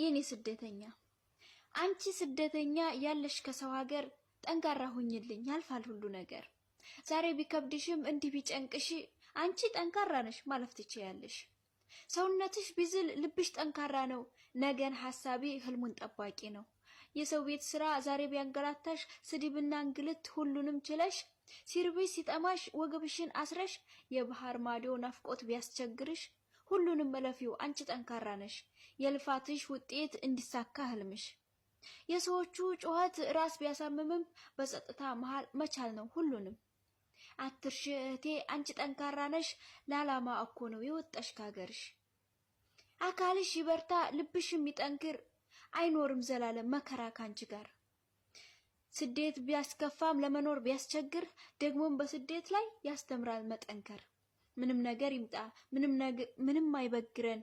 የኔ ስደተኛ አንቺ ስደተኛ ያለሽ ከሰው ሀገር ጠንካራ ሁኝልኝ፣ ያልፋል ሁሉ ነገር። ዛሬ ቢከብድሽም እንዲህ ቢጨንቅሽ አንቺ ጠንካራ ነሽ ማለፍ ትችያለሽ። ሰውነትሽ ቢዝል ልብሽ ጠንካራ ነው። ነገን ሀሳቢ ህልሙን ጠባቂ ነው። የሰው ቤት ስራ ዛሬ ቢያንገላታሽ ስድብና እንግልት ሁሉንም ችለሽ ሲርብሽ ሲጠማሽ ወገብሽን አስረሽ የባህር ማዶ ናፍቆት ቢያስቸግርሽ ሁሉንም መለፊው አንቺ ጠንካራ ነሽ። የልፋትሽ ውጤት እንዲሳካ ህልምሽ። የሰዎቹ ጩኸት ራስ ቢያሳምምም በጸጥታ መሃል መቻል ነው ሁሉንም። አትርሽ እህቴ፣ አንቺ ጠንካራ ነሽ። ለዓላማ እኮ ነው የወጣሽ ከሀገርሽ። አካልሽ ይበርታ፣ ልብሽም ይጠንክር። አይኖርም ዘላለም መከራ ካንቺ ጋር። ስደት ቢያስከፋም ለመኖር ቢያስቸግር፣ ደግሞም በስደት ላይ ያስተምራል መጠንከር። ምንም ነገር ይምጣ ምንም ምንም አይበግረን።